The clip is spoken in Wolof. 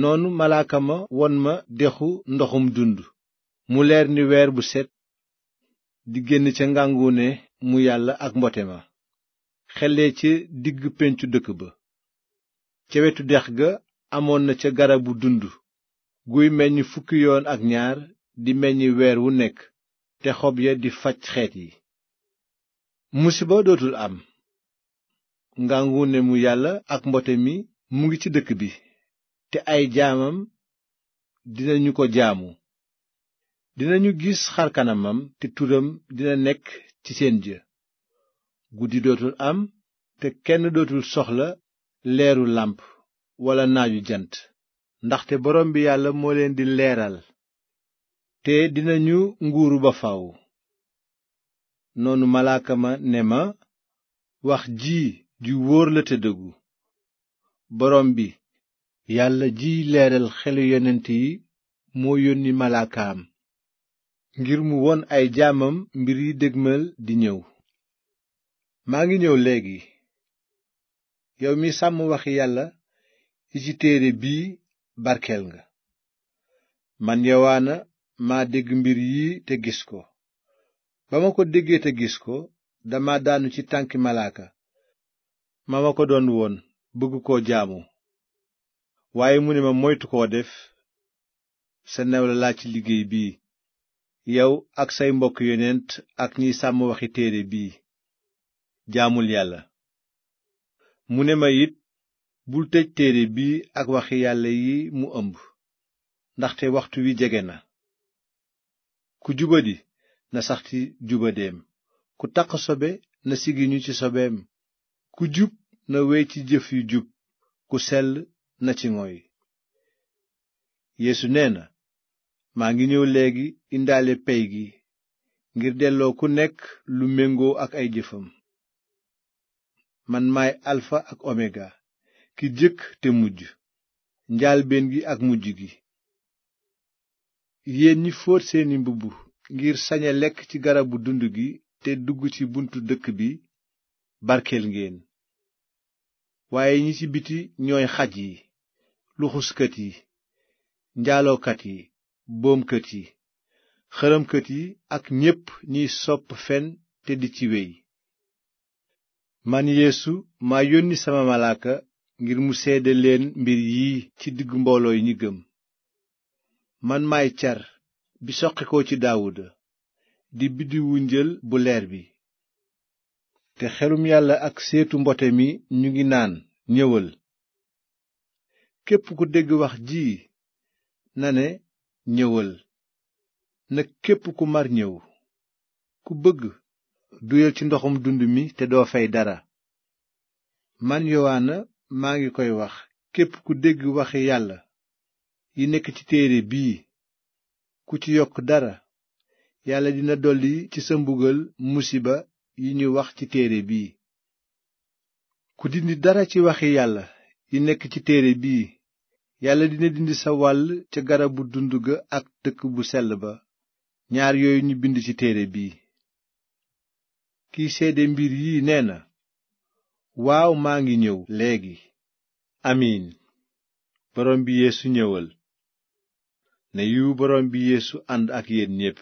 noonu malaaka ma won ma dexu ndoxum dund mu leer ni weer bu set di génn ca ngànguune mu yàlla ak mbote ma xellee ca diggu péncu dëkk ba ca wetu dex ga amoon na ca garabu dund guy meññ fukki yoon ak ñaar di meññi weer wu nekk te xob ya di faj xeet yi musiba am ngànguune yàlla ak mbote mi mu ngi ci dëkk bi te ay jaamam dinañu ko jaamu dinañu gis xarkanamam te turam dina nekk ci seen jë guddi dootul am te kenn dootul soxla leeru làmp walla naaju jant ndaxte borom bi yàlla moo leen di leeral te dina ñu nguuru ba faw noonu malaaka ma ne ma wax ji ju wóor la te bi yàlla jiy leeral xelu yonent yi moo yónni malaakaam ngir mu won ay jaamam mbir yi dégmal di ñëw maa ngi ñëw léegi yow mi sàmm wax yàlla yi ci téere bii barkeel nga man yowaana maa dégg mbir yi te gis ko ba ma ko déggee te gis ko dama daanu ci tànki malaaka ma ma ko doon woon bëgg koo jaamu waaye mu ne ma moytu def sa nawle laa ci liggéey bii yow ak say mbokk yonent ak ñiy sàmm waxi téere bii jaamul yàlla mu ne ma it bul tëj téere bii ak waxi yàlla yi mu ëmb ndaxte waxtu wi jege na ku jubadi na sax ci jubadeem ku taq sobe na sigiñu ci sobeem ku jub na wey ci jëf yu jub ku sell na ci mooy yeesu nee na maa ngi ñëw léegi indaale pay gi ngir delloo ku nekk lu méngoo ak ay jëfam man maay alfa ak omega ki jëkk te mujj njaalbéen gi ak mujj gi yéen ñi fóot seeni mbubb ngir saña lekk ci garabu dund gi te dugg ci buntu dëkk bi barkeel ngeen waaye ñi ci biti ñooy xaj yi luxuskat yi njaalookat yi boomkat yi xërëmkat yi ak ñépp ñuy sopp fen te di ci wey man yeesu maa yónni sama malaaka ngir mu seede leen mbir yi ci diggu mbooloo yi ñi gëm man maay car bi soqi ci daawuda di biddiwu njël bu leer bi te xelum yàlla ak seetu mbote mi ñu ngi naan ñëwal képp ku dégg wax ji na ne ñëwal na képp ku mar ñëw ku bëgg duyal ci ndoxum dund mi te doo fay dara man yowaana maa ngi koy wax képp ku dégg waxi yàlla yi nekk ci téere bii ku ci yokk dara yàlla dina dolli ci sa mbugal musiba yi ñu wax ci téere bii ku dindi dara ci waxi yàlla yi nekk ci téere bii yàlla dina dindi sa wàll ca garabu dund ga ak dëkk bu sell ba ñaar yooyu ñu bind ci téere bii kiy seede mbir yii nee na waaw maa ngi ñëw léegi amiin borom bi yeesu ñëwal na borom bi yéesu ànd ak yéen ñépp